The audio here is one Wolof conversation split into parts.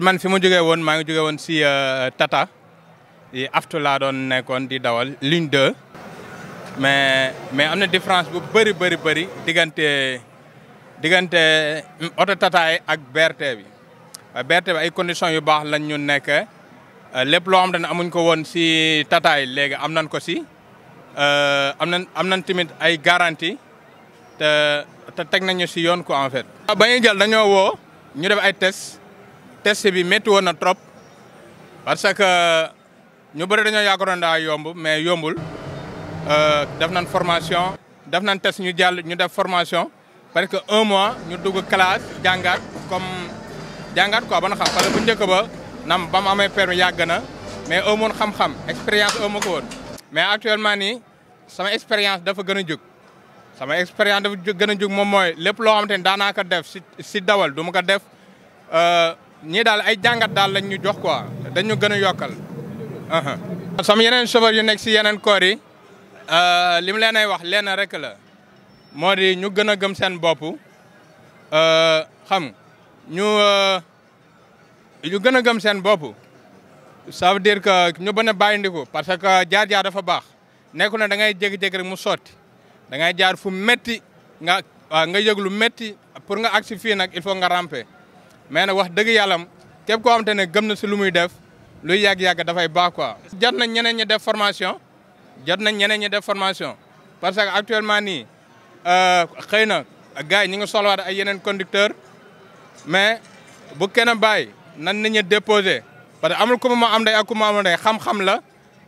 man fi ma jógee woon maa ngi jógee woon si euh, Tata yi aftu laa doon nekkoon di dawal ligne 2 mais am na différence bu bëri bëri bëri diggante diggante mm, oto Tata ak BRT bi BRT bi ay conditions yu baax lañ ñu nekk euh, lépp loo xam ne amuñ ko woon si Tata yi léegi am nañ ko si euh, am nañ am nañ tamit ay garantie te te teg nañu si yoon ko en fait. ba ñuy dañoo woo ñu def ay tests. test bi métti woon na trop parce que ñu bëri dañoo yaakaaroon daa yomb mais yombul euh, def nan formation def nañ test ñu jàll ñu def formation parce que un mois ñu dugg classe jàngaat comme jàngaat ko ba na xam parce que bu njëkk ba nam ba mu amee permis yàgg na mais amoon xam-xam expérience amoo ko woon. mais actuellement nii sama expérience dafa gën a jóg sama expérience dafa gën a jóg moom mooy lépp loo xamante ni daanaa ko def si si dawal du def. Euh, ñii daal ay jàngat daal lañ ñu jox ko dañu gën a yokkal. sama yeneen chauffeur yu nekk si yeneen koor yi euh, li leen ay wax lenn rek la moo di ñu gën a gëm seen bopp euh, xam ñu euh, ñu gën a gëm seen bopp. ça veut que ñu bañ a bàyyi ndiku parce que jaar-jaar fa baax nekku na da ngay jékki rek mu sotti da ngay jaar fu metti nga nga yëg lu pour nga agsi fii nag il faut nga ramper. mais nag wax dëgg yàllam képp koo xam te ne gëm na si lu muy def luy yàgg-yàgg dafay baax quoi. jot nañ ñeneen ñi def formation jot nañ ñeneen ñi def formation parce que actuellement nii euh, xëy na gars yi ñu solo soxlawaat ay yeneen conducteur mais bu kenn bàyyi nan nañu déposé parce que amul ku ma am day ak ku ma am day xam-xam la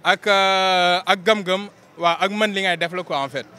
ak euh, ak gëm-gëm waaw ak mën li ngay def la quoi en fait.